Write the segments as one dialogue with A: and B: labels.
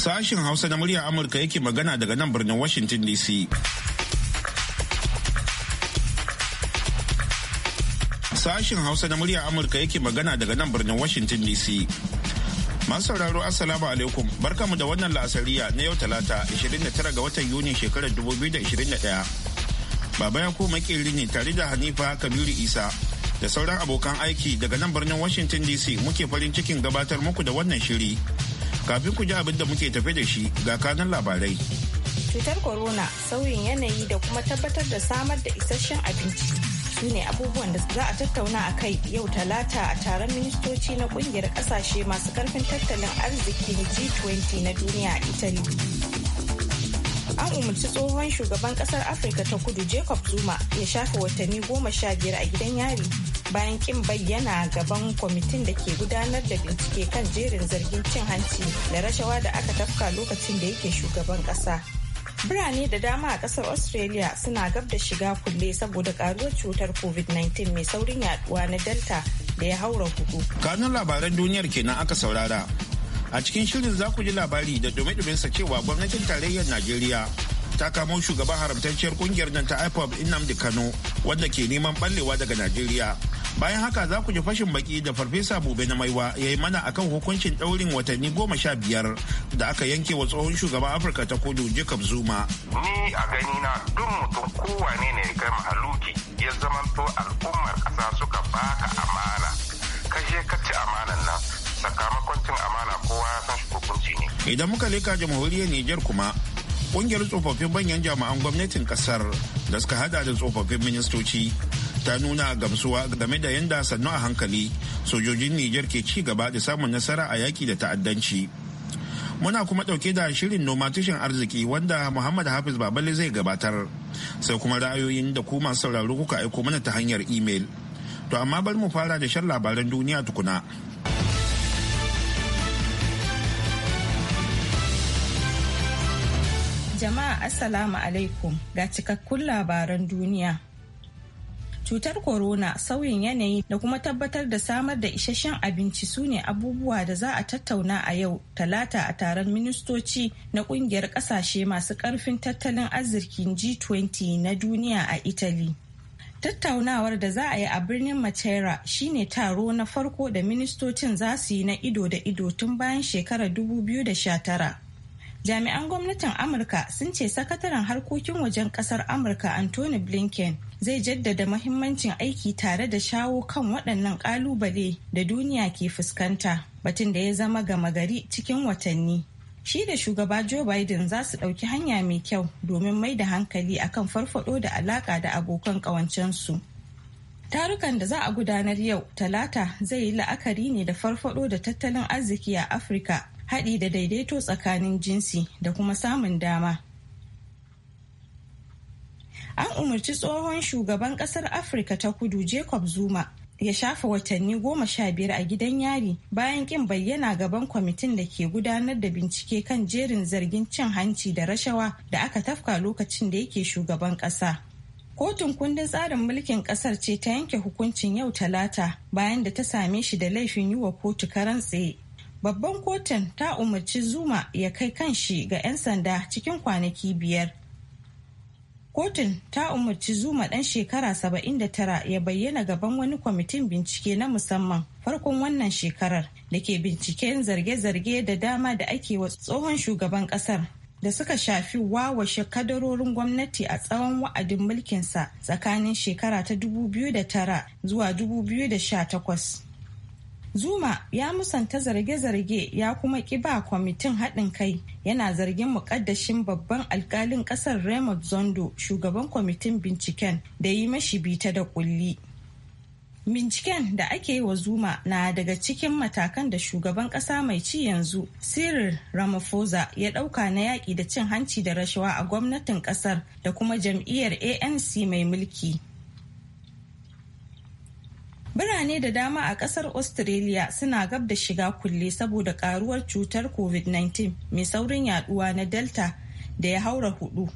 A: Sashin Hausa na muryar Amurka yake magana daga nan birnin Washington DC. Sashin Hausa na muryar Amurka yake magana daga nan birnin Washington DC. Masu sauraro Assalamu alaikum barkamu da wannan la'asariya na yau talata 29 ga watan Yuni shekarar 2021. Baba Yakubu makeri ne tare da Hanifa Kabiru Isa da sauran abokan aiki daga nan birnin Washington DC muke farin cikin gabatar muku da wannan shiri. Kafin ku ji abin da muke tafe da shi ga kanan labarai.
B: Cutar corona sauyin yanayi da kuma tabbatar da samar da isasshen abinci su ne abubuwan da za a tattauna a kai yau talata a taron ministoci na kungiyar kasashe masu karfin tattalin arzikin G20 na duniya a Italy. An umarci tsohon shugaban kasar Afirka ta kudu Jacob Zuma ya shafe watanni goma sha biyar a gidan yari bayan kin bayyana gaban kwamitin da ke gudanar da bincike kan jerin zargin cin hanci da rashawa da aka tafka lokacin da yake shugaban kasa. Birane da dama a kasar Australia suna gab da shiga kulle saboda karuwar cutar COVID-19 mai saurin yaduwa na Delta da ya haura hudu.
A: Kanun labaran duniyar kenan aka saurara. A cikin shirin za ku ji labari da dume sa cewa gwamnatin tarayyar Najeriya ta kamo shugaban haramtacciyar kungiyar nan ta IPOB Nnamdi Kano wanda ke neman ballewa daga Najeriya. bayan haka za ku ji fashin baki da farfesa bube na maiwa ya yi mana akan hukuncin daurin watanni goma sha biyar da aka yanke wa tsohon shugaban afirka ta kudu jacob zuma
C: ni a gani na duk mutum kowane ne kai mahaluki ya zamanto al'ummar kasa suka baka amana ka je ka ci amanan nan sakamakon cin amana kowa ya san hukunci
A: ne idan muka leka jamhuriyar niger kuma kungiyar tsofaffin manyan jami'an gwamnatin kasar da suka hada da tsofaffin ministoci ta nuna gamsuwa game da yadda sannu a hankali sojojin Nijar ke ci gaba da samun nasara a yaki da ta'addanci. Muna kuma ɗauke da shirin noma tushen arziki wanda Muhammad Hafiz Babale zai gabatar, sai kuma ra'ayoyin da ku masu sauraro kuka aiko mana ta hanyar imel. To amma bari mu fara da shan labaran duniya tukuna.
B: Jama'a Assalamu alaikum ga cikakkun labaran duniya. cutar corona sauyin yanayi da kuma tabbatar da samar da isasshen abinci su ne abubuwa da za a tattauna a yau talata a taron ministoci na kungiyar kasashe masu karfin tattalin arzikin g20 na duniya a italy tattaunawar da za a yi a birnin matera shine taro na farko da ministocin za su yi na ido da ido tun bayan shekarar 2019 jami'an gwamnatin amurka sun ce sakataren harkokin wajen kasar amurka anthony blinken zai jaddada mahimmancin aiki tare da shawo kan waɗannan ƙalubale da duniya ke fuskanta batun da ya zama gama gari cikin watanni shi da shugaba joe biden za su ɗauki hanya mai kyau domin mai da hankali akan farfaɗo da alaƙa da abokan ƙawancensu tarukan da za a gudanar yau talata zai yi la'akari ne da farfaɗo da tattalin arziki a afirka haɗi da daidaito tsakanin jinsi da kuma samun dama an umarci tsohon shugaban kasar afirka ta kudu jacob zuma ya shafa watanni goma sha biyar a gidan yari bayan kin bayyana gaban kwamitin da ke gudanar da bincike kan jerin zargin cin hanci da rashawa da aka tafka lokacin da yake shugaban kasa kotun kundin tsarin mulkin kasar ce ta yanke hukuncin yau talata bayan da ta same shi da laifin yi wa kotu karan tsaye babban kotun ta umarci zuma ya kai kan shi ga 'yan sanda cikin kwanaki biyar kotun ta umarci zuma ɗan shekara 79 ya bayyana gaban wani kwamitin bincike na musamman farkon wannan shekarar da ke binciken zarge-zarge da dama da ake wa tsohon shugaban kasar da suka shafi wawashe kadarorin gwamnati a tsawon wa'adin mulkinsa tsakanin shekara ta 2009 zuwa 2018 Zuma ya musanta zarge-zarge ya kuma ki kwamitin haɗin kai yana zargin muƙaddashin babban alkalin ƙasar Raymond Zondo shugaban kwamitin binciken da yi mashi bita da kulli. Binciken da ake yi wa Zuma na daga cikin matakan da shugaban ƙasa mai ci yanzu Cyril Ramaphosa ya ɗauka na yaƙi da cin hanci da rashawa a gwamnatin ƙasar da kuma jam'iyyar ANC mai mulki. Birane da dama a kasar Australia suna gab da shiga kulle saboda karuwar cutar COVID-19 mai saurin yaduwa na Delta da ya haura hudu.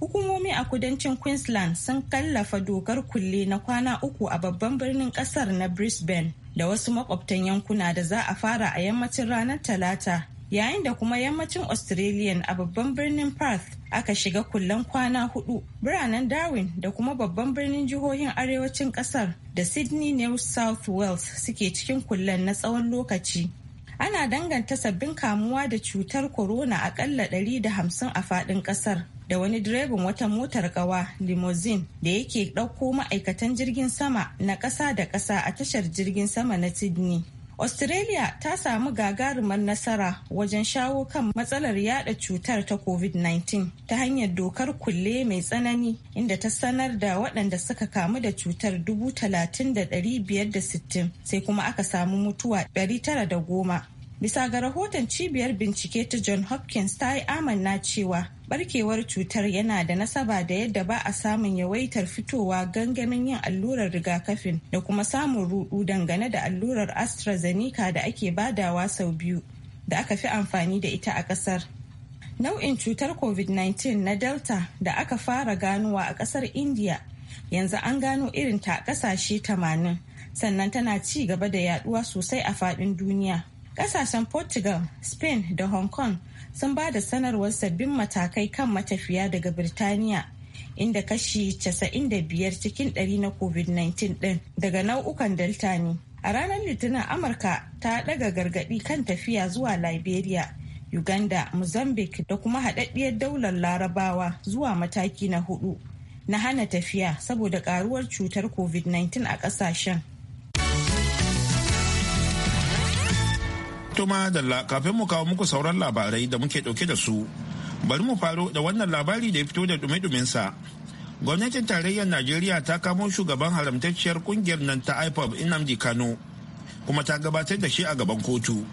B: Hukumomi a kudancin Queensland sun kallafa dokar kulle na kwana uku a babban birnin kasar na Brisbane da wasu makwabtan yankuna da za a fara a yammacin ranar Talata yayin da kuma yammacin australian a babban birnin perth aka shiga kullen kwana hudu biranen darwin da kuma babban birnin jihohin arewacin kasar da sydney new south wales suke cikin kullen na tsawon lokaci ana danganta sabbin kamuwa da cutar corona akalla 150 a faɗin ƙasar da wani direban wata motar gawa limousine da yake ɗauko ma'aikatan jirgin sama na ƙasa da ƙasa a tashar jirgin sama na sydney Australia ta samu gagarumar nasara wajen shawo kan matsalar yada cutar ta COVID-19 ta hanyar dokar kulle mai tsanani inda ta sanar da waɗanda suka kamu da cutar 30,560 sai kuma aka samu mutuwa 910. Bisa ga rahoton cibiyar bincike ta John Hopkins ta yi amanna cewa barkewar cutar yana da nasaba da yadda ba a samun yawaitar fitowa gangamin yin allurar rigakafin da kuma samun rudu dangane da allurar astrazeneca da ake badawa sau biyu da aka fi amfani da ita a kasar nau'in cutar covid-19 na delta da aka fara ganowa a kasar india yanzu an gano irin ta kasashe 80 sannan tana ci gaba da yaduwa sosai a faɗin duniya Ƙasashen portugal spain da hong kong sun ba da sanarwar sabbin matakai kan matafiya daga Birtaniya inda kashi 95 cikin 100 na COVID-19 ɗin daga nau'ukan Delta ne. A ranar Litinin Amurka ta ɗaga gargadi kan tafiya zuwa Liberia, Uganda, Mozambique da kuma haɗaɗɗiyar daular Larabawa zuwa mataki na hudu na hana tafiya saboda ƙaruwar cutar COVID-19 a ƙasashen.
A: To dalla kafin mu kawo muku sauran labarai da muke dauke da su. Bari mu faro da wannan labari da ya fito da dume sa Gwamnatin tarayyar Najeriya ta kamo shugaban haramtacciyar kungiyar nan ta IPOB Nnamdi Kano kuma ta gabatar da shi a gaban kotu.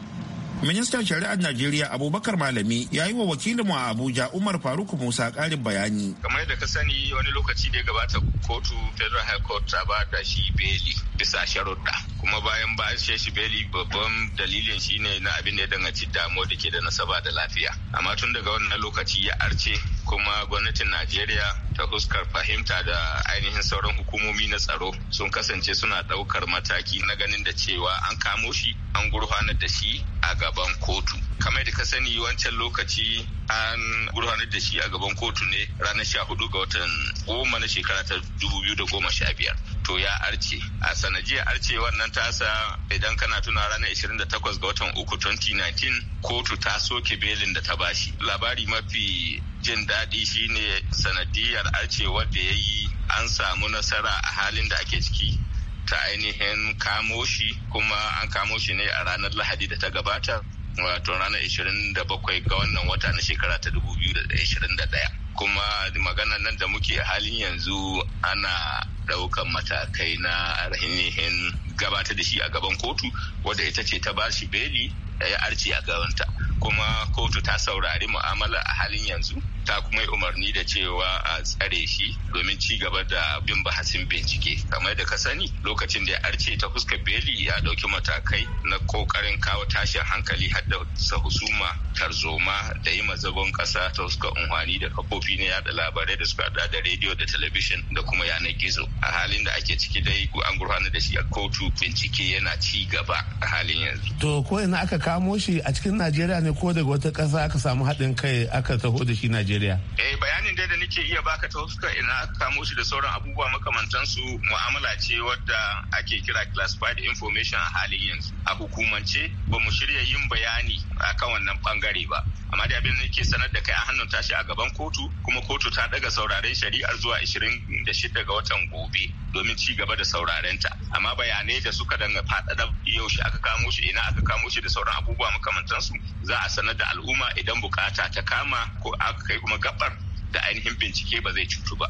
A: Ministan Shari'ar Najeriya Abubakar Malami ya yi wa wakilinmu a Abuja Umar Faruk Musa karin bayani.
D: Kamar yadda ka sani wani lokaci da ya gabata kotu Federal High Court ta ba da shi beli bisa sharuɗa. Kuma bayan ba shi beli babban dalilin shine na abin da ya danganci damuwa da ke da nasaba da lafiya. Amma tun daga wannan lokaci ya arce kuma gwamnatin najeriya ta fuskar fahimta da ainihin sauran hukumomi na tsaro sun kasance suna ɗaukar mataki na ganin da cewa an kamo shi an gurfanar da shi a gaban kotu kamar da ka sani wancan lokaci an gurfanar da shi a gaban kotu ne ranar sha hudu ga watan goma na shekara ta dubu biyu da goma sha biyar to ya arce a sanajiyar arce wannan tasa idan kana tuna ranar da takwas ga watan uku 2019 kotu ta soke belin da ta bashi labari mafi jin daɗi shine sanadiyar arce wadda ya yi an samu nasara a halin da ake ciki ta ainihin kamo shi kuma an kamo shi ne a ranar lahadi da ta gabata wato ranar 27 ga wannan wata na shekara ta 2021 kuma maganar nan da muke halin yanzu ana ɗaukan matakai na arhinihin gabata da shi a gaban kotu wadda ita ce ta bashi shi beli ya arci a gabanta kuma kotu ta saurari mu'amala a halin yanzu ta kuma yi umarni da cewa a tsare shi domin ci gaba da bin bahasin bincike kamar da ka sani lokacin da ya arce ta fuska beli ya ɗauki matakai na kokarin kawo tashin hankali har da husuma tarzoma da yi mazabon kasa ta fuska unhwani da kafofi na yada labarai da suka da rediyo da talabijin da kuma yanar gizo a halin da ake ciki dai an gurfana da shi a kotu bincike yana ci gaba a halin yanzu.
A: to ko ina aka kamo shi a cikin najeriya ne ko daga wata ƙasa aka samu haɗin kai aka taho da shi najeriya Najeriya. Eh bayanin dai da nake iya
D: baka ta fuskar ina kamo shi da sauran abubuwa makamantansu mu'amala ce wadda ake kira classified information a halin yanzu. A hukumance ba mu shirya yin bayani akan wannan bangare ba. Amma da abin da nake sanar da kai a hannun tashi a gaban kotu kuma kotu ta daga sauraren shari'ar zuwa 26 ga watan gobe domin ci gaba da saurarenta. Amma bayanai da suka danga faɗaɗa shi aka kamo shi ina aka kamo shi da sauran abubuwa makamantansu za a sanar da al'umma idan bukata ta kama ko aka kai kuma gabar da ainihin bincike ba zai cutu ba.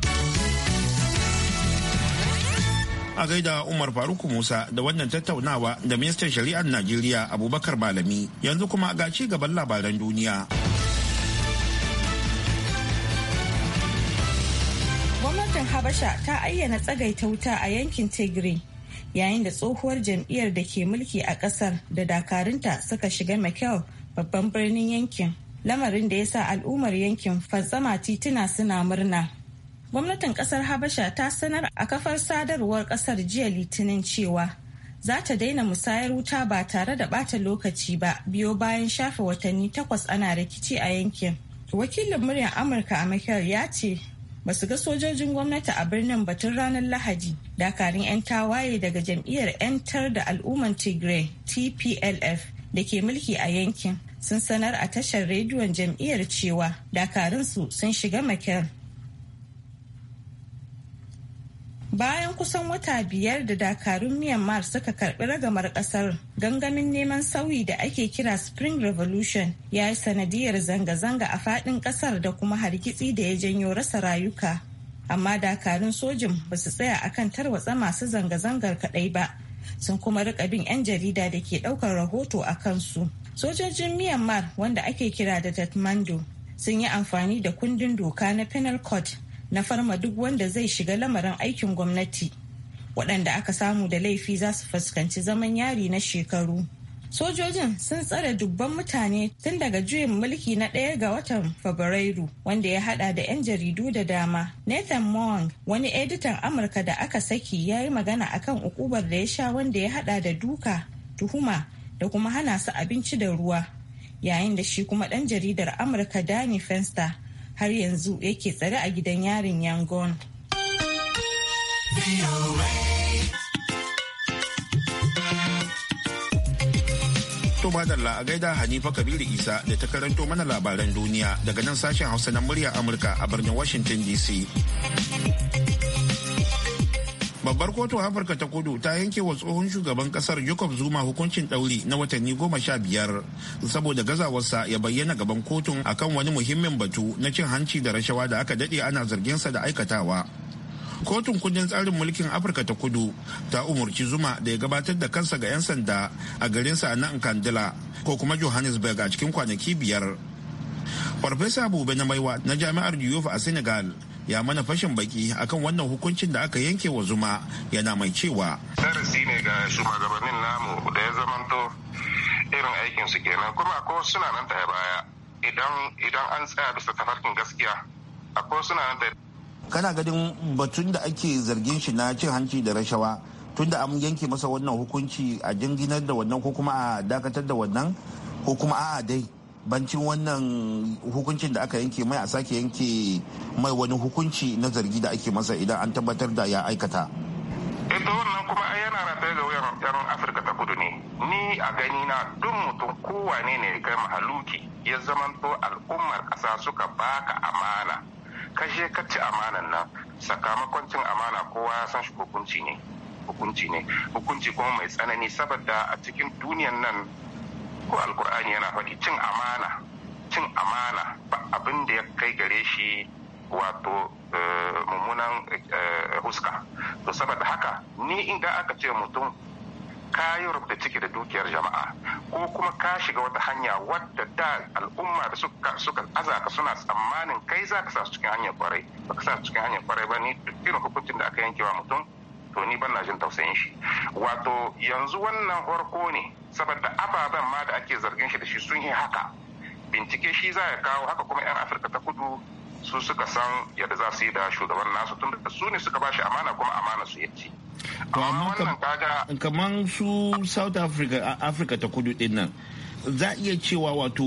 A: a gaida umar faruk musa da wannan tattaunawa da ministan shari'ar najeriya abubakar malami yanzu kuma ga ci gaban labaran duniya
B: gwamnatin habasha ta ayyana tsagaita wuta a yankin tigray yayin da tsohuwar jam'iyyar da ke mulki a kasar da dakarunta suka shiga makel babban birnin yankin lamarin da ya sa al'ummar yankin fatsama tituna suna murna. Gwamnatin kasar Habasha ta sanar a kafar sadarwar kasar jiya litinin cewa za ta daina musayar wuta ba tare da bata lokaci ba biyo bayan shafe watanni takwas ana rikici a yankin. Wakilin muryar Amurka a Mahiyar ya ce ba su ga sojojin gwamnati a birnin batun ranar Lahadi dakarun 'yan tawaye daga jam'iyyar 'yantar da al'ummar Tigray TPLF da ke mulki a yankin sun sanar a tashar rediyon jam'iyyar cewa dakarunsu sun shiga makil bayan kusan wata biyar da dakarun myanmar suka karbi ragamar kasar gangamin neman sauyi da ake kira spring revolution ya yi sanadiyar zanga-zanga a fadin kasar da kuma hargitsi da ya janyo rasa rayuka amma dakarun sojin ba su tsaya akan tarwatsa masu zanga-zangar kadai ba sun kuma rika bin 'yan jarida da ke daukar rahoto a kansu Sojojin Myanmar wanda ake kira da Tatmando sun yi amfani da kundin doka na Penal Court na farma duk wanda zai shiga lamarin aikin gwamnati. Waɗanda aka samu da laifi za su fuskanci zaman yari na shekaru. Sojojin sun tsare dubban mutane tun daga juyin mulki na ɗaya ga watan Fabrairu wanda ya hada da 'yan jaridu da dama. Nathan Mong, wani editan Amurka da aka saki ya yi magana akan ukubar da ya sha wanda ya hada da duka, tuhuma da kuma hana su abinci da ruwa yayin da shi kuma dan jaridar amurka dani fenster har yanzu yake tsare a gidan yarin yangon
A: madalla a gaida Hanifa Kabiru Isa da ta karanto mana labaran duniya daga nan sashen Hausa na murya Amurka a birnin Washington DC. babbar kotun afirka ta kudu ta yanke wa tsohon shugaban kasar jacob zuma hukuncin ɗauri na watanni goma sha biyar saboda gazawarsa ya bayyana gaban kotun akan wani muhimmin batu na cin hanci da rashawa da aka daɗe ana zarginsa da aikatawa kotun kundin tsarin mulkin afirka ta kudu ta umarci zuma da ya gabatar da kansa ga 'yan sanda a garinsa a nan kandila ko kuma johannesburg a cikin kwanaki biyar farfesa gobe na maiwa na jami'ar diof a senegal ya mana fashin baki akan wannan hukuncin da aka yanke wa zuma yana mai cewa
C: darasi ne ga shugabannin namu da ya zamanto irin aikin su kenan kuma ko suna nan ta baya idan idan an tsaya bisa tafarkin gaskiya akwai suna nan ta
A: kana ganin batun da ake zargin shi na cin hanci da rashawa tun da an yanke masa wannan hukunci a jinginar da wannan ko kuma a dakatar da wannan ko kuma a'a dai bancin wannan hukuncin da aka yanke mai a sake yanke mai wani hukunci na zargi da ake masa idan an tabbatar da ya aikata ita eh,
E: wannan kuma a yana rataye ga wuyan yan afirka
C: ta kudu ne ni a gani na duk mutum kowane ne ya kai mahaluki ya zama to al'ummar kasa suka baka amana ka je ka ci amanan nan sakamakon cin amana kowa ya san shi hukunci ne hukunci ne hukunci kuma mai tsanani saboda a cikin duniyan nan ko yana faɗi cin amana cin amana ba abin da ya kai gare shi wato eh, mummunan eh, huska to saboda haka ni in ga aka ce mutum ka yi rubuta ciki da dukiyar jama'a ko kuma ka shiga wata hanya wadda da al'umma da suka suka azaka suna tsammanin kai za ka sa su cikin hanyar kwarai ba ka sa su cikin hanyar kwarai ba ni irin hukuncin da aka yanke yankewa mutum to ni ban na jin tausayin shi wato yanzu wannan farko ne saboda ababen ma da ake zargin shi da shi sun yi haka bincike shi za ya kawo haka kuma 'yan afirka ta kudu su suka san yadda za su yi da shugaban nasu tun da su ne suka ba shi amana kuma amana su yace
A: to amma kaman su south africa africa ta kudu din nan za iya cewa wato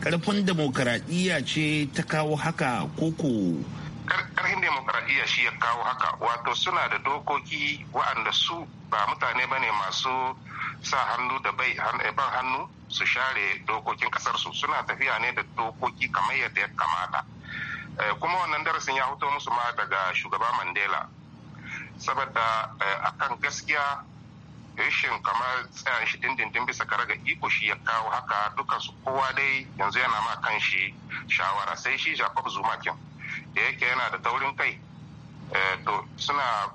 A: karfin demokaradiyya ce ta kawo haka koko karfin demokaradiyya
C: shi ya kawo haka wato suna da dokoki wa'anda su ba mutane ba ne masu sa hannu da bai eh, ban hannu su share dokokin kasarsu suna tafiya ne da dokoki kamar yadda ya kamata eh, kuma wannan darasin ya hoto musu ma daga shugaba mandela saboda eh, akan gaskiya rashin kamar tsayan shi dindindin bisa kare ga iko shi ya kawo haka su kowa dai yanzu yana ma kan shi shawara sai shi jacob zuma kin da yake yana da taurin kai to suna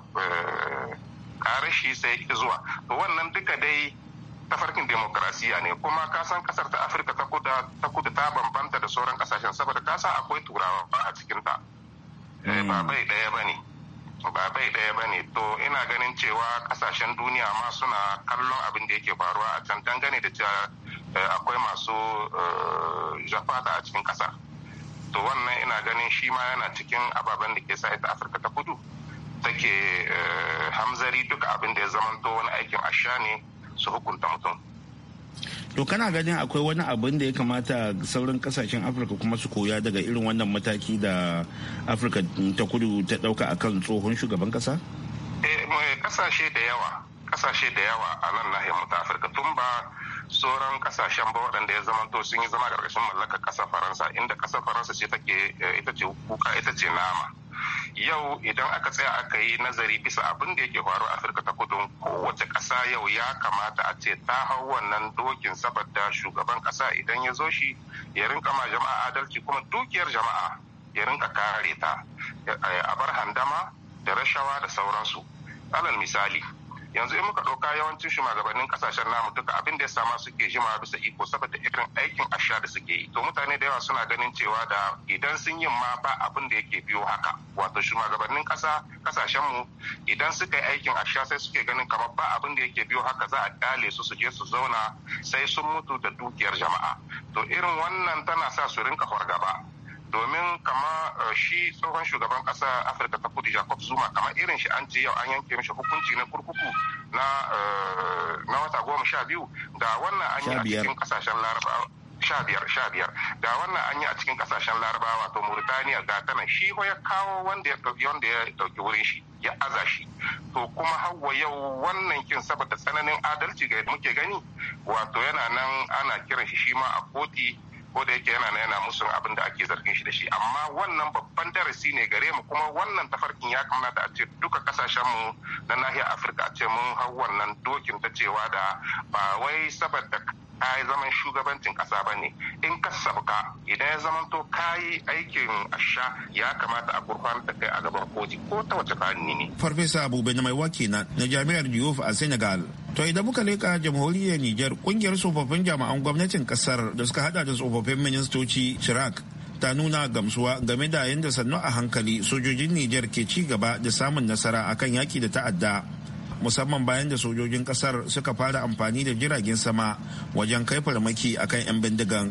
C: kare shi sai ki zuwa to wannan duka dai tafarkin demokrasiya ne kuma kasan san kasar ta afirka ta kudu ta bambanta da sauran kasashen saboda ka akwai turawa ba a cikin ta eh, hmm. ba bai daya bane ba bai daya bane to ina ganin cewa kasashen duniya ma suna kallon abin da yake faruwa a can dangane da cewa eh, akwai masu eh, jafata a cikin kasa to wannan ina ganin shi ma yana cikin ababen da ke sa ita afirka ta kudu take hamzari duk abin da ya zamanto wani aikin asha ne su hukunta mutum
A: to kana ganin akwai wani abin da ya kamata sauran kasashen afirka kuma su koya daga irin wannan mataki da afirka ta kudu ta dauka akan tsohon shugaban kasa
C: eh, kasashe da yawa kasashe da yawa a nan nahiyar mu ta afirka tun ba sauran kasashen ba waɗanda ya zama to sun yi zama ƙarƙashin mallakar ƙasar faransa inda ƙasar faransa ce take eh, ita ce kuka ita ce nama yau idan aka tsaya aka yi nazari bisa abin da yake faru a afirka ta kudu kowace ƙasa yau ya kamata a ce ta hau wannan dokin saboda shugaban ƙasa idan ya zo shi ya rinka ma jama'a adalci kuma dukiyar jama'a ya rinka kare ta a bar handama da rashawa da sauransu alal misali yanzu in muka ɗauka yawancin shugabannin kasashen namu duka abin da ya sama suke jima bisa iko saboda irin aikin asha da suke yi to mutane da yawa suna ganin cewa da idan sun yi ma ba abin da yake biyo haka wato shugabannin kasa kasashen mu idan suka yi aikin asha sai suke ganin kamar ba abin da yake biyo haka za a kyale su su je su zauna sai sun mutu da dukiyar jama'a to irin wannan tana sa su rinka fargaba domin kama eh, shi tsohon shugaban kasa afirka ta kudu jacob zuma kama irin shi an ce yau an yanke mishi hukunci na kurkuku eh, na wata goma sha biyu da wannan an yi a cikin kasashen larabawa sha biyar sha da wannan an yi a cikin kasashen larabawa to mauritaniya ga tana shi ya kawo wanda ya dauki wanda ya dauki wurin shi ya aza shi to kuma hawa yau wannan kin saboda tsananin adalci ga muke gani wato yana nan ana kiran shi shi ma a koti ko da yake yana na yana musu abin da ake zargin shi da shi amma wannan babban darasi ne gare mu kuma wannan tafarkin ya kamata a ce duka kasashen mu na nahiyar afirka a ce mun hau wannan dokin ta cewa da ba wai saboda ka yi zaman shugabancin kasa ba ne in ka sabka idan ya zaman to ka yi aikin asha ya kamata a gurfan da kai a gaban koji
A: ko ta wace fanni ne. farfesa abubuwan mai waki na jami'ar diouf a senegal To idan muka leka jamhuriyar Nijar kungiyar tsofaffin jama'an gwamnatin kasar da suka hada da tsofaffin ministoci Chirac ta nuna gamsuwa game da yadda sannu a hankali sojojin Nijar ke ci gaba da samun nasara akan yaki da ta'adda. Musamman bayan da sojojin kasar suka fara amfani da jiragen sama wajen kai farmaki akan 'yan bindigan.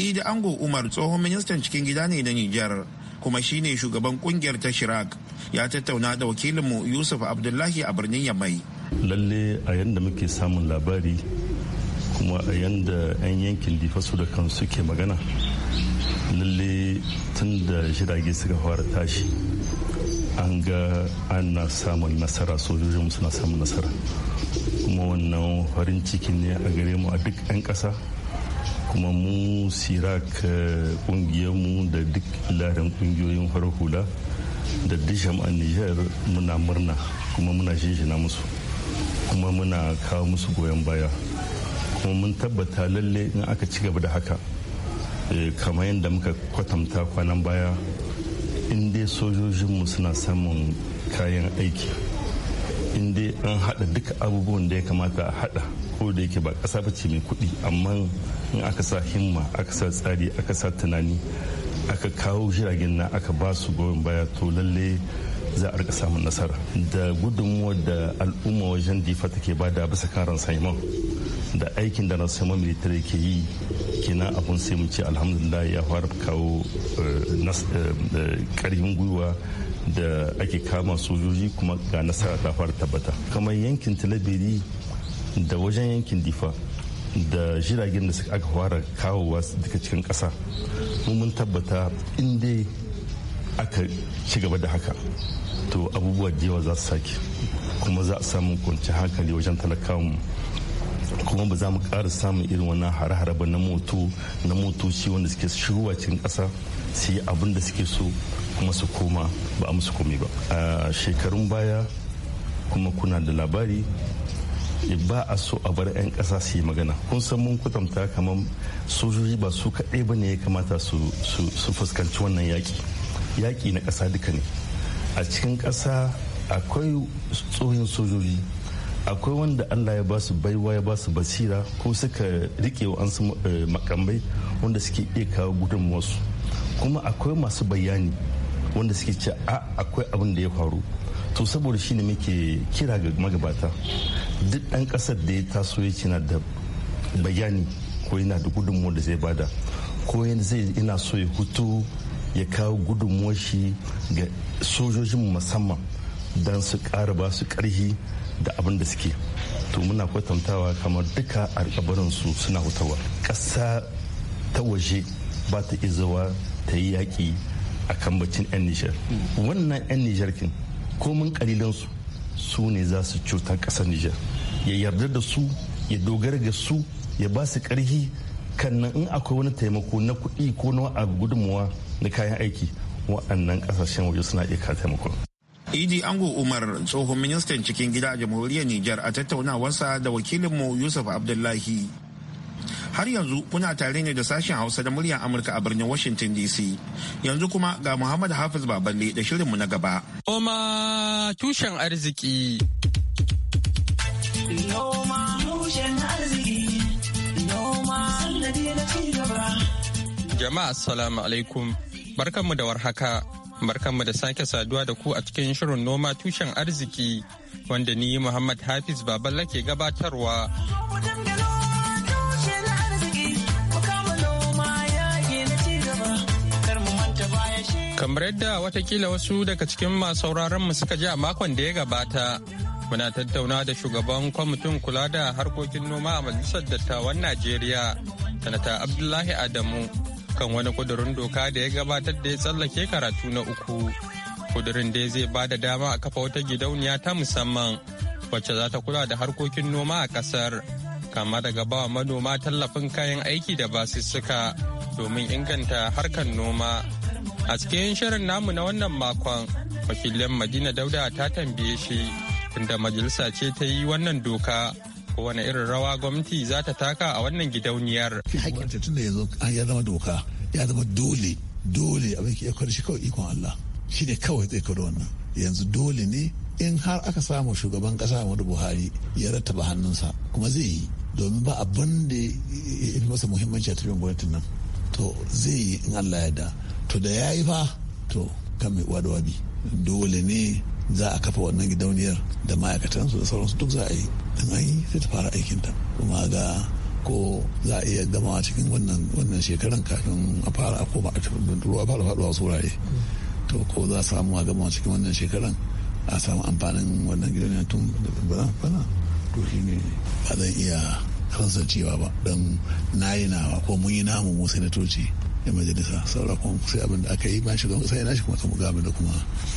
A: Idi Ango Umar tsohon ministan cikin gida ne na Nijar kuma shine shugaban kungiyar ta Chirac ya tattauna da wakilinmu Yusuf Abdullahi a birnin Yamai.
F: lalle a yadda muke samun labari kuma a yadda 'yan yankin difasu da kan suke magana lalle tun da jirage suka fara tashi an ga ana samun nasara sojojin suna samun nasara kuma wannan farin ciki ne a gare mu a duk 'yan ƙasa kuma mu sirak eh, mu da duk ladan kungiyoyin farar hula da duk jama'an nijar muna murna kuma muna shinshina musu kuma muna kawo musu goyon baya kuma mun tabbata lalle in aka ci gaba da haka eh, kamar yadda muka kwatanta kwanan baya in sojojinmu suna samun kayan aiki in dai an hada duka abubuwan da ya kamata a hada ko da yake ba kasa bace mai kuɗi amma in aka sa himma aka sa tsari aka sa tunani aka kawo jiragen na aka ba su goyon baya to lalle za a rika samun nasara da gudunmuwar da al'umma wajen difa take bada bisa karan saimon da aikin da nasu saimon militare ke yi kina abun sai mu ce alhamdulillah ya fara kawo karfin eh, eh, eh, gwiwa da ake kama sojoji kuma ga nasara ta fara tabbata kamar yankin talabiri da wajen yankin difa da jiragen da aka fara kawowa daga cikin ƙasa mun tabbata inda aka ci gaba da haka to abubuwa da yawa za su sake kuma za a samu kwanci hankali wajen talakawan kuma ba za mu ƙara samun irin wannan hare-hare ba na moto na motoci wanda suke shigowa cikin ƙasa su yi abin da suke so kuma su koma ba a musu komi ba a shekarun baya kuma kuna da labari ba a so a bar 'yan ƙasa su yi magana kun san mun kwatanta kamar sojoji ba su kaɗai ba ne ya kamata su fuskanci wannan yaƙi yaƙi na ƙasa duka ne a cikin ƙasa akwai tsohon sojoji akwai wanda allah ya basu baiwa ya basu basira ko suka rike wa ansu eh, makamai wanda suke iya kawo wasu kuma akwai masu bayani wanda suke ce a akwai abin da ya faru to saboda shi ne muke kira ga magabata duk ɗan ƙasar da ya taso ya na da bayani ko yana da gudunmuwa da zai bada ko yana so ya hutu ya kawo gudunmuwar shi ga sojojin musamman don su ƙara ba su ƙarhi da abin da suke to muna kwatantawa kamar duka alkabarinsu suna hutawa ƙasa ta waje ba ta izawa ta yi yaƙi a kambacin 'yan nijar wannan 'yan nijar kin komin kalilansu su ne za su cutar ƙasar nijar ya yarda da su ya dogara ga su ya ba su ƙarhi kan in akwai wani taimako na kuɗi ko na gudunmuwa na kayan aiki waɗannan ƙasashen waje suna iya ka taimakon.
A: idi ango umar tsohon ministan cikin gida a jamhuriyar nijar a tattaunawarsa da wakilinmu yusuf abdullahi har yanzu kuna tare ne da sashen hausa da muryar amurka a birnin washington dc yanzu kuma ga muhammad hafiz baballe da shirinmu na gaba
G: oma tushen arziki Jama'a salamu alaikum. Barkanmu da warhaka, barkanmu da sake saduwa da ku a cikin shirin noma tushen arziki wanda ni Muhammad Hafiz Baballa ke gabatarwa. Kamar yadda watakila wasu daga cikin masu mu suka ji a makon da ya gabata, muna tattauna da shugaban kwamitin kula da harkokin noma a Majalisar Dattawan Najeriya, Sanata Abdullahi Adamu. kan wani kudurin doka da ya gabatar da ya tsallake karatu na uku kudurin dai zai ba da dama a kafa wata gidauniya ta musamman wacce za ta kula da harkokin noma a kasar kama daga bawa manoma tallafin kayan aiki da basussuka domin inganta harkar noma a cikin shirin namu na wannan makon wakilin madina dauda ta tambaye shi inda majalisa ce ta yi wannan doka wani irin rawa gwamnati za ta taka a wannan gidauniyar.
E: tun da ya zo ya zama doka ya zama dole dole abin ke ikon shi kawai ikon Allah shi ne kawai zai kawo wannan yanzu dole ne in har aka samu shugaban kasa Muhammadu Buhari ya rattaba hannunsa kuma zai yi domin ba abin da ya fi masa muhimmanci a tafiyar gwamnati nan to zai yi in Allah ya da to da ya yi fa to kan mai uwa da dole ne za a kafa wannan gidauniyar da ma'aikatansu da sauransu duk za a yi in an yi sai ta fara aikinta kuma ga ko za a iya gama cikin wannan wannan shekaran kafin a fara a koma a ruwa fara faɗuwa su wurare to ko za a samu a gama cikin wannan shekaran a samu amfanin wannan gidauniyar tun da bana to shi ne ba zan iya kansancewa ba don na yi nawa ko mun yi namu mu sanatoci 'yan majalisa saura kuma sai abin da aka yi ba shi sai na shi kuma kuma gamin da kuma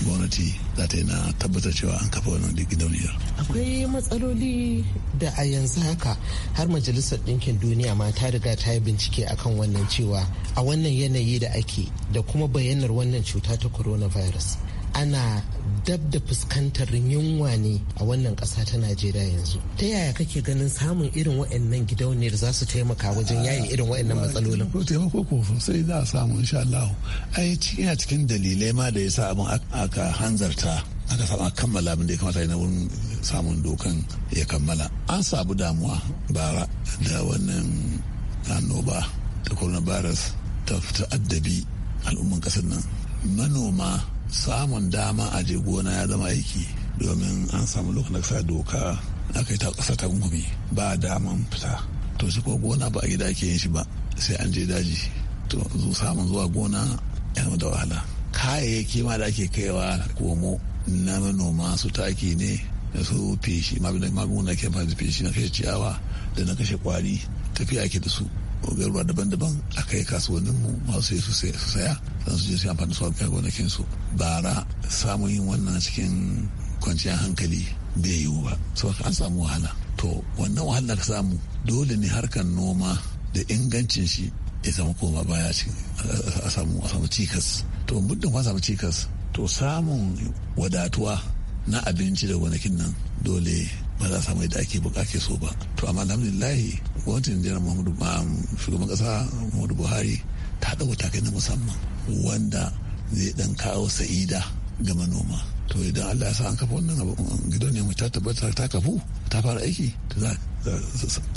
E: gwamnati za ta yi na tabbatar cewa an kafa wannan gidauniyar.
B: akwai matsaloli da a yanzu haka har majalisar ɗinkin duniya ma ta riga ta yi bincike akan wannan cewa a wannan yanayi da ake da kuma bayyanar wannan cuta ta coronavirus ana dab da fuskantar yunwa ne a wannan ƙasa ta najeriya yanzu ta yaya kake ganin samun irin waɗannan gidauniyar za su taimaka wajen yayin irin waɗannan matsalolin ko taimako ko sai
E: za a samu insha Allah ai cikin cikin dalilai ma da yasa abin aka hanzarta aka samu kammala abin da ya kamata na wurin samun dokan ya kammala an samu damuwa bara da wannan annoba ta coronavirus ta addabi al'umman kasar nan manoma samun dama a je gona ya zama aiki domin an samu lokacin da sa doka aka yi ta ƙasa ta gumi ba daman fita to shi ko gona ba a gida ake yin shi ba sai an je daji to zu samun zuwa gona yana da wahala kayayyaki ma da ake kaiwa komo na manoma su taki ne da su feshi magunguna ke ma da feshi na kashe ciyawa da na kashe kwari tafiya ake da su Garba daban-daban a kai kasuwannin mu masu yi su saya don su je su amfani su kai gonakin su bara samun yin wannan cikin kwanciyar hankali bai yiwu ba saboda an samu wahala to wannan wahala ka samu dole ne harkar noma da ingancin shi ya zama koma baya a samu cikas to muddin kwan samu cikas to samun wadatuwa na abinci da gonakin nan dole ba za a samu yadda ake buƙace so ba to amma alhamdulillahi gwamnatin jihar muhammadu um, shugaban ƙasa muhammadu buhari ta dauka takai na musamman wanda zai ɗan kawo sa'ida ga manoma to idan allah ya sa an kafa wannan gidan ne mu ta tabbata ta kafu ta fara aiki to za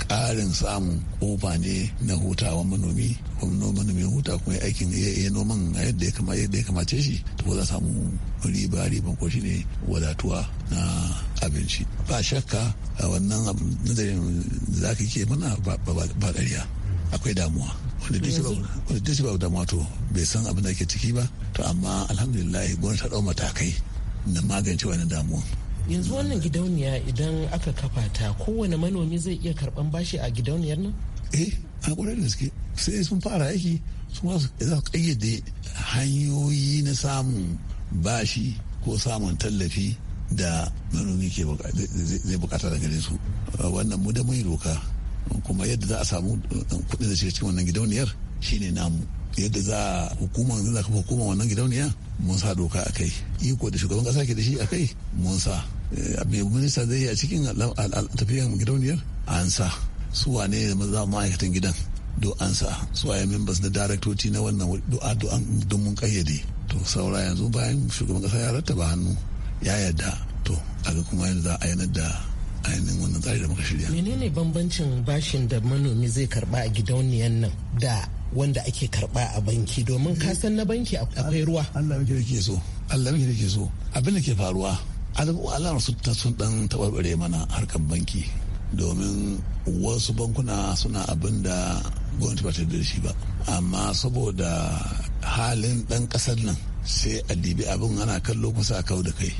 E: karin samun kofa ne na hutawa manomi manomi huta kuma ya aikin ya noman yadda ya kama yadda ya ce shi to za samu riba riban ko shi ne wadatuwa na abinci ba shakka a wannan nazarin da ka ke mana ba ƙarya akwai damuwa wanda duk ba damuwa to bai san abin da ke ciki ba to amma alhamdulillah gwamnati ta ɗau matakai na magance wannan damuwa yanzu wannan gidauniya idan aka kafa ta kowane manomi zai iya karban bashi a gidauniyar nan eh a kwarar da suke sai sun fara aiki su masu za su kayyade hanyoyi na samun bashi ko samun tallafi da manomi ke zai bukata da gare su wannan mu da mai doka kuma yadda za a samu eh, kuɗin da shiga cikin wannan gidauniyar shine namu yadda za hukumar zai kafa hukuma wannan gidauniya mun sa doka a kai iko da shugaban kasa ke da shi a kai mun sa eh, mai minista zai yi a cikin tafiyar gidauniyar an sa su wane ne za ma'aikatan gidan do an sa su waye members na daraktoci na wannan du'a du'an don mun kayyade to saura yanzu bayan shugaban kasa ya rattaba hannu ya yadda to aga kuma yanzu za a yanar da ainihin wannan tsari da muka shirya.
B: Menene bambancin bashin da manomi zai karba a gidauniyan nan da wanda ake karba a banki domin
E: kasan na banki akwai ruwa Allah muke ke so Allah muke ke so abin da ke faruwa Allah su ta sun dan tabarbare mana harkan banki domin wasu bankuna suna abin da gwamnati ba ta da shi ba amma saboda halin dan kasar nan sai a dibi abin ana kallo kusa a kawo da kai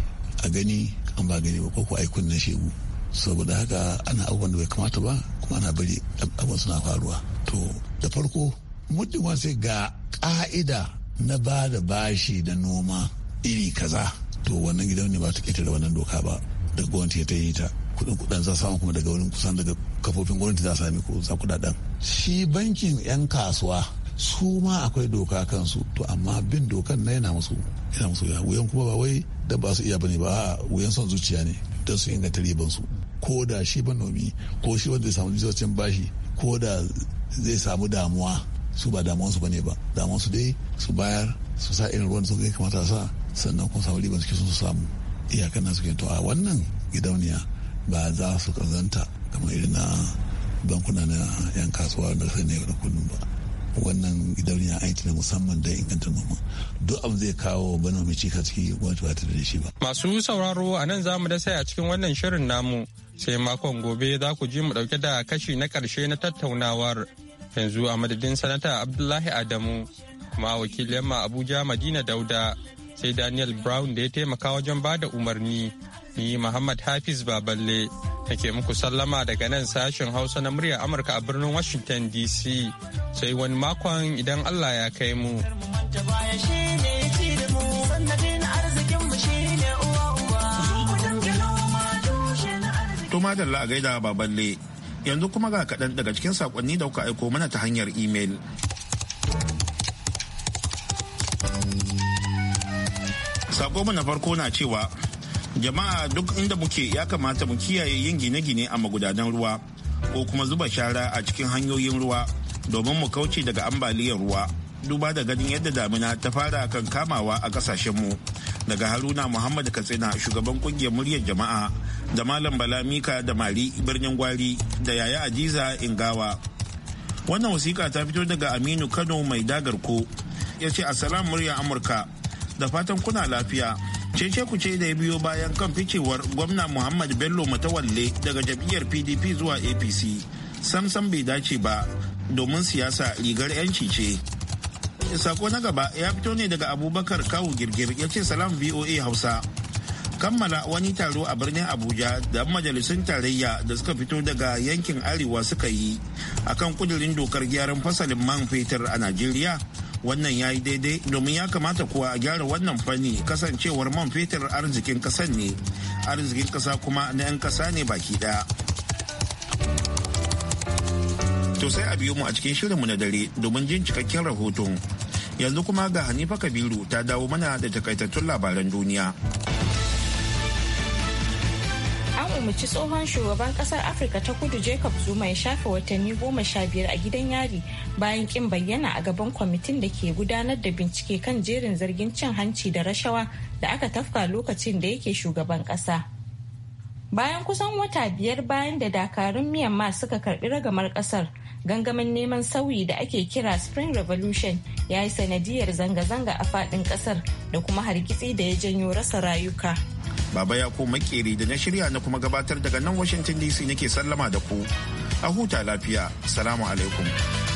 E: a gani an ba gani ba ko ko ai kunna shegu saboda haka ana abubuwan da bai kamata ba kuma ana bari abubuwan suna faruwa to da farko muddin wasu ga ka'ida na ba da bashi da noma iri kaza to wannan gidan ne ba ta ƙetare wannan doka ba da gwamnati ta yi ta kuɗin kuɗin za samu kuma daga wurin kusan daga kafofin gwamnati za sami ko za kudaden shi bankin 'yan kasuwa su ma akwai doka kansu to amma bin dokan na yana musu yana musu ya wuyan kuma ba wai da ba su iya bane ba wuyan son zuciya ne don su inganta riban su ko da shi banomi ko shi wanda ya samu jisocin bashi ko da zai samu damuwa su ba damuwansu ba ne ba damuwansu dai su bayar su sa irin ruwan da suka kamata sa sannan kuma samu riban suke sun samu iyakan nan suke to a wannan gidauniya ba za su kazanta kamar irin na bankuna na yan kasuwa da sai ne da kullum ba wannan gidauniya aiki na musamman da inganta noma duk abu zai kawo bana mai cika ciki gwamnati ba ta da shi ba.
G: masu sauraro a nan za mu da a cikin wannan shirin namu sai makon gobe za ku ji mu dauke da kashi na karshe na tattaunawar yanzu a madadin sanata abdullahi adamu kuma wakil yamma abuja madina dauda sai daniel brown da ya taimaka wajen ba da umarni ni muhammad hafiz baballe nake muku sallama daga nan sashen hausa na murya amurka a birnin washington dc sai wani makon idan allah ya kai mu.
A: To madalla a gaida baballe yanzu kuma ga kaɗan daga cikin saƙonni da kuka aiko mana ta hanyar imel. mu na farko na cewa jama'a duk inda muke ya kamata mu kiyaye yin gine-gine a magudanan ruwa ko kuma zuba shara a cikin hanyoyin ruwa domin mu kauce daga ambaliyar ruwa duba da ganin yadda damina ta fara kan kamawa a kasashenmu daga haruna muhammad katsina shugaban kungiyar muryar jama'a da Malam Bala Mika da Mari birnin Gwari da Yaya Ajiza Ingawa. Wannan wasiƙa ta fito daga Aminu Kano mai dagarko ya ce Assalamu murya Amurka da fatan kuna lafiya. Cece ku ce da ya biyo bayan kan ficewar gwamna Muhammad Bello Matawalle daga jam'iyyar PDP zuwa APC. Samsam bai dace ba domin siyasa rigar 'yanci ce. Sako na gaba ya fito ne daga Abubakar Kawu Girgir ya ce salam VOA Hausa. kammala wani taro a birnin abuja da majalisun tarayya da suka fito daga yankin arewa suka yi akan kudirin dokar gyaran fasalin man fetur a najeriya wannan ya yi daidai domin ya kamata kuwa a gyara wannan fanni kasancewar man fetur arzikin kasan ne arzikin ƙasa kuma na 'yan ƙasa ne baki ɗaya to sai a biyo mu a cikin shirinmu na dare domin jin cikakken rahoton yanzu kuma ga hanifa kabiru ta dawo mana da takaitattun labaran duniya
B: umarci tsohon shugaban kasar afirka ta kudu jacob zuma ya shafe watanni goma sha biyar a gidan yari bayan kin bayyana a gaban kwamitin da ke gudanar da bincike kan jerin zargin cin hanci da rashawa da aka tafka lokacin da yake shugaban kasa bayan kusan wata biyar bayan da dakarun myanmar suka karbi ragamar kasar gangamin neman sauyi da ake kira spring revolution ya yi sanadiyar zanga-zanga a fadin kasar da kuma hargitsi da ya janyo rasa rayuka
A: baba ya ko makeri da na shirya na kuma gabatar daga nan washington dc nake sallama da ku a huta lafiya salamu alaikum